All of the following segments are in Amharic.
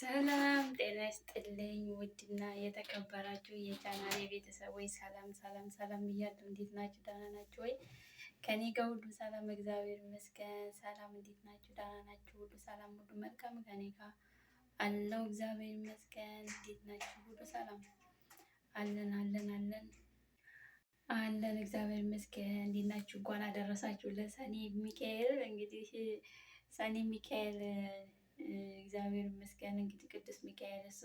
ሰላም ጤና ይስጥልኝ። ውድና የተከበራችሁ የቻናሌ ቤተሰቦች ሰላም ሰላም ሰላም እያሉ እንዴት ናችሁ? ደህና ናችሁ ወይ? ከኔ ጋር ሁሉ ሰላም እግዚአብሔር ይመስገን። ሰላም እንዴት ናችሁ? ደህና ናችሁ? ሁሉ ሰላም፣ ሁሉ መልካም ከኔ ጋር አለው እግዚአብሔር ይመስገን። እንዴት ናችሁ? ሁሉ ሰላም አለን አለን አለን አለን እግዚአብሔር ይመስገን። እንዴት ናችሁ? እንኳን አደረሳችሁ ለሰኔ ሚካኤል። እንግዲህ ሰኔ ሚካኤል እግዚአብሔር ይመስገን። እንግዲህ ቅዱስ ሚካኤል እሱ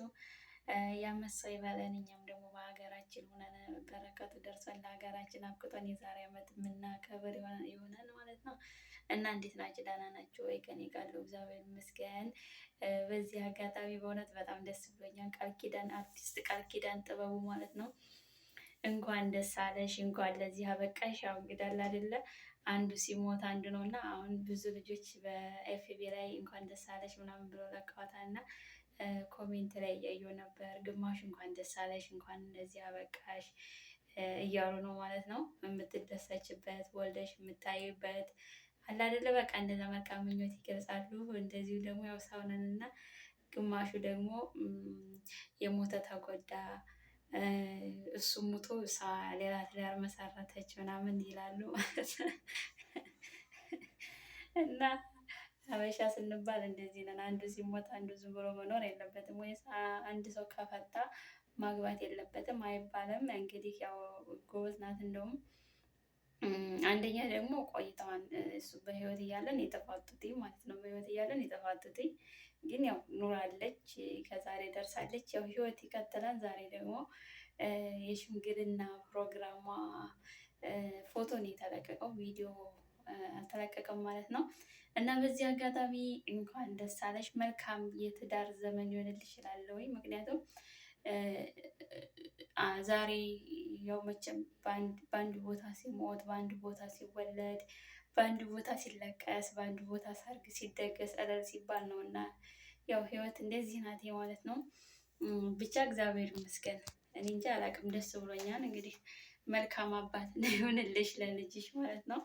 ያመሳይ ባለን እኛም ደግሞ በሀገራችን ሆነን በረከቱ ደርሰን ለሀገራችን አብቅቶን የዛሬ ዓመት የምናከብር የሆነን ማለት ነው። እና እንዴት ናቸው? ደህና ናቸው ወይ? ከኔ ጋር እግዚአብሔር ይመስገን። በዚህ አጋጣሚ በእውነት በጣም ደስ ብሎኛል። ቃል ኪዳን አርቲስት ቃል ኪዳን ጥበቡ ማለት ነው እንኳን ደስ አለሽ፣ እንኳን ለዚህ አበቃሽ። ያው እንግዳል አይደለ አንዱ ሲሞት አንዱ ነው እና አሁን ብዙ ልጆች በኤፍቢ ላይ እንኳን ደስ አለሽ ምናምን ብሎ ለቀዋታል እና ኮሜንት ላይ እያየሁ ነበር። ግማሽ እንኳን ደስ አለሽ፣ እንኳን ለዚህ አበቃሽ እያሉ ነው ማለት ነው። የምትደሰችበት ወልደሽ የምታይበት አለ አይደለ በቃ እንደዛ መልካም ምኞት ይገልጻሉ። እንደዚሁ ደግሞ ያው ሰው ነን እና ግማሹ ደግሞ የሞተ ተጎዳ እሱ ሙቶ እሷ ሌላ ትዳር መሰረተች ምናምን ይላሉ እና ሀበሻ ስንባል እንደዚህ ነን። አንዱ ሲሞት አንዱ ዝም ብሎ መኖር የለበትም ወይ አንድ ሰው ከፈታ ማግባት የለበትም አይባልም። እንግዲህ ያው ጎበዝ ናት እንደውም አንደኛ ደግሞ ቆይታዋን እሱ በህይወት እያለን የተፋቱት ማለት ነው። በህይወት እያለን የተፋቱት ግን ያው ኑራለች፣ ከዛሬ ደርሳለች። ያው ህይወት ይቀጥላል። ዛሬ ደግሞ የሽምግልና ፕሮግራሟ ፎቶን የተለቀቀው፣ ቪዲዮ አልተለቀቀም ማለት ነው። እና በዚህ አጋጣሚ እንኳን ደስ አለሽ፣ መልካም የትዳር ዘመን ይሆንልሽ እላለሁኝ። ምክንያቱም ዛሬ ያው መቼም በአንድ ቦታ ሲሞት፣ በአንድ ቦታ ሲወለድ፣ በአንድ ቦታ ሲለቀስ፣ በአንድ ቦታ ሰርግ ሲደገስ፣ ጠለል ሲባል ነው እና ያው ህይወት እንደዚህ ናት ማለት ነው። ብቻ እግዚአብሔር ይመስገን። እኔ እንጂ አላቅም፣ ደስ ብሎኛል። እንግዲህ መልካም አባት ይሁንልሽ ለልጅሽ ማለት ነው።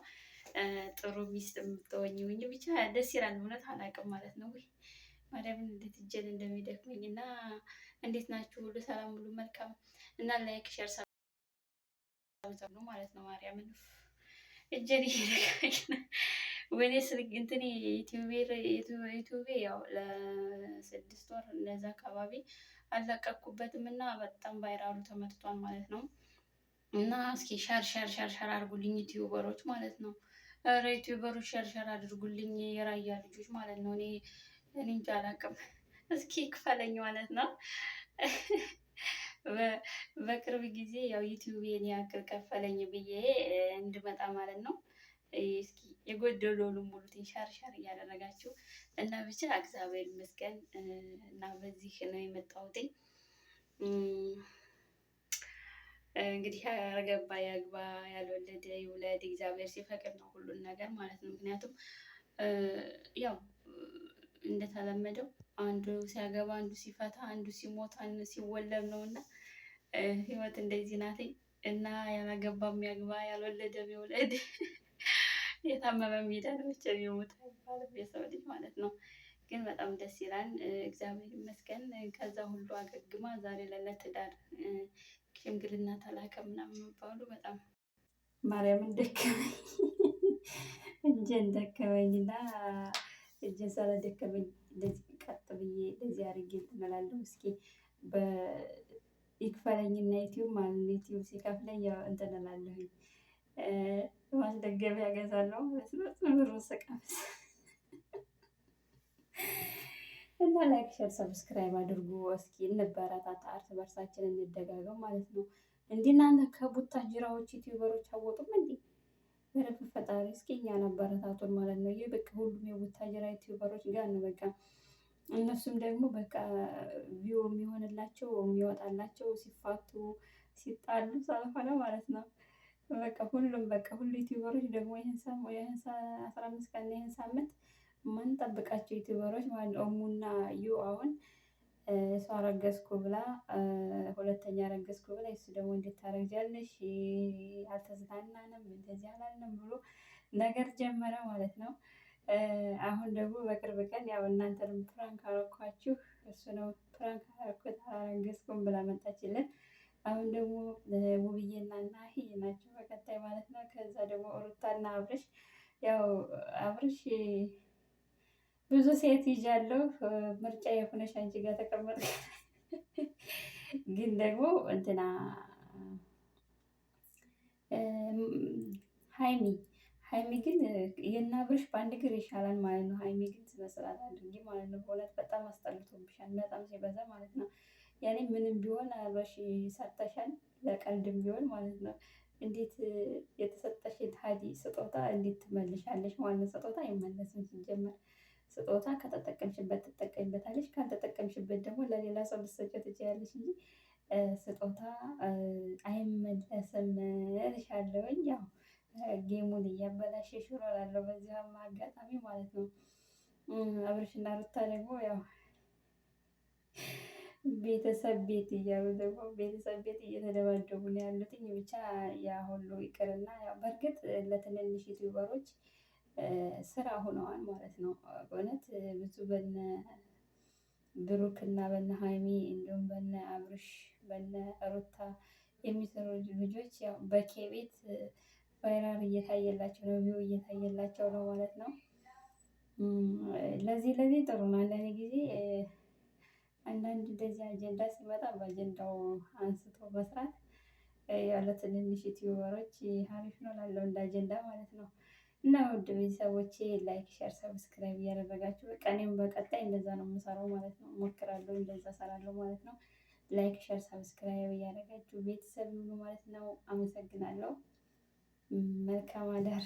ጥሩ ሚስት የምትሆኚው እንጂ ብቻ ደስ ይላል። እውነት አላቅም ማለት ነው። ማርያምን እንዴት እጄን እንደሚደክመኝ እና እንዴት ናችሁ? ሁሉ ሰላም፣ ሁሉ መልካም እና ላይክ ሼር ሰብሰብ ማለት ነው። ማርያምን እጄን እየደከመኝ ነው። ወይኔ ስልክ እንትን ዩቲዩቤ ያው ለስድስት ወር እንደዛ አካባቢ አልለቀኩበትም እና በጣም ቫይራሉ ተመትቷል ማለት ነው። እና እስኪ ሸር ሸር ሸር ሸር አድርጉልኝ ዩቲዩበሮች ማለት ነው። ዩቲዩበሮች ሸር ሸር አድርጉልኝ የራያ ልጆች ማለት ነው እኔ እኔ እንጃ አላውቅም። እስኪ ክፈለኝ ማለት ነው። በቅርብ ጊዜ ያው ዩቲዩቤን ያክል ከፈለኝ ብዬ እንድመጣ ማለት ነው። እስኪ የጎደለውን ሙሉትን ሻርሻር እያደረጋችሁ እና ብቻ እግዚአብሔር ይመስገን እና በዚህ ነው የመጣሁትኝ። እንግዲህ ያገባ ያግባ፣ ያልወለደ ይውለድ። እግዚአብሔር ሲፈቅድ ነው ሁሉን ነገር ማለት ነው። ምክንያቱም ያው እንደተለመደው አንዱ ሲያገባ፣ አንዱ ሲፈታ፣ አንዱ ሲሞት፣ አንዱ ሲወለድ ነው እና ህይወት እንደዚህ ናትኝ እና ያላገባም ያግባ፣ ያልወለደም ይውለድ፣ የታመመም ይዳን፣ ብቻ የሚሞት አይባልም የሰው ልጅ ማለት ነው። ግን በጣም ደስ ይላል። እግዚአብሔር ይመስገን ከዛ ሁሉ አገግማ ዛሬ ላይ ለትዳር ሽምግልና ተላከ ምናምን የሚባሉ በጣም ማርያምን ደከመኝ እንጀን ደከመኝና እጄን ስለደከመኝ እንደዚህ ቀጥ ብዬ እንደዚህ አድርጌ እንትን እላለሁ። እስኪ ይክፈለኝና ዩቲዩብ ማለት ነው። ዩቲዩብ ሲከፍለኝ ያው እንትን እላለሁኝ ማስደገቢያ እገዛለሁ ማለት ነው። ብሩን ስቀምስ እና ላይክ፣ ሸር፣ ሰብስክራይብ አድርጉ። እስኪ እንበረታታ፣ እርስ በርሳችን እንደጋገው ማለት ነው። እንዲህ እናንተ ጅራዎች ዩቲዩበሮች አወጡም እንዴ? በረብ ፈጣሪ እስኪ እኛን አበረታቱን ማለት ነው። ይህ በቃ ሁሉም የቡታጀራ ዩቲዩበሮች ጋር ነው በቃ እነሱም ደግሞ በቃ ቪው የሚሆንላቸው የሚወጣላቸው ሲፋቱ ሲጣሉ ሳልሆነ ማለት ነው። በቃ ሁሉም በቃ ሁሉ ዩቲዩበሮች ደግሞ ይህን አስራ አምስት ቀን ይህን ሳምንት ማንጠብቃቸው ዩቲዩበሮች ማለት ነው። እሙና ዩ አሁን እሷ ረገዝኩ ብላ ሁለተኛ ረገዝኩ ብላ እሱ ደግሞ እንዴት ታረግጃለሽ? አልተዝናናንም፣ እንደዚህ አላልንም ብሎ ነገር ጀመረ ማለት ነው። አሁን ደግሞ በቅርብ ቀን ያው እናንተንም ፕራንክ አረኳችሁ እሱ ነው ፕራንክ አረኩት አላረገዝኩም ብላ መጣችለን። አሁን ደግሞ ውብዬና ናሂ ናቸው በቀጣይ ማለት ነው። ከዛ ደግሞ ሩታና አብርሽ ያው አብርሽ ብዙ ሴት ይዣለሁ። ምርጫ የሆነሽ አንቺ ጋር ተቀመጥ። ግን ደግሞ እንትና ሀይሚ ሀይሚ ግን የና ብርሽ በአንድ እግር ይሻላል ማለት ነው። ሀይሚ ግን ስመስላት አድርጊ ማለት ነው። በእውነት በጣም አስጠልቶብሻል፣ በጣም ሲበዛ ማለት ነው። ያኔ ምንም ቢሆን አብረሽ ሰርተሻል፣ ለቀልድም ቢሆን ማለት ነው። እንዴት የተሰጠሽ የታዲ ስጦታ እንዴት ትመልሻለሽ ማለት ነው። ስጦታ አይመለስም ሲጀመር ስጦታ ከተጠቀምሽበት ትጠቀሚበታለሽ፣ ካልተጠቀምሽበት ደግሞ ለሌላ ሰው ልትሰጪው ትችያለሽ እንጂ ስጦታ አይመለስም እልሻለሁኝ። ያው ጌሙን እያበላሽ እኖራለሁ በዚህ አጋጣሚ ማለት ነው። አብርሽና ሩታ ደግሞ ያው ቤተሰብ ቤት እያሉ ደግሞ ቤተሰብ ቤት እየተደባደቡ ነው ያሉትኝ። ብቻ ያ ሁሉ ይቅርና በእርግጥ ለትንንሽ ዩቲዩበሮች ስራ ሆነዋል ማለት ነው። በእውነት ብዙ በነ ብሩክ እና በነ ሀይሚ እንዲሁም በነ አብርሽ በነ ሩታ የሚሰሩ ልጆች ያው በኬቤት ቫይራል እየታየላቸው ነው፣ ቪው እየታየላቸው ነው ማለት ነው። ለዚህ ለዚህ ጥሩ ነው። አንዳንድ ጊዜ አንዳንድ እንደዚህ አጀንዳ ሲመጣ በአጀንዳው አንስቶ መስራት ያለ ትንንሽ ዩቲዩበሮች አሪፍ ነው ላለው እንደ አጀንዳ ማለት ነው። እና ውድ ቤተሰቦቼ ላይክ፣ ሸር፣ ሰብስክራይብ እያደረጋችሁ በቃ እኔም በቀጣይ እንደዛ ነው የምሰራው ማለት ነው። ሞክራለሁ፣ እንደዛ ሰራለሁ ማለት ነው። ላይክ፣ ሸር፣ ሰብስክራይብ እያደረጋችሁ ቤተሰብ ይሁኑ ማለት ነው። አመሰግናለሁ። መልካም አዳር።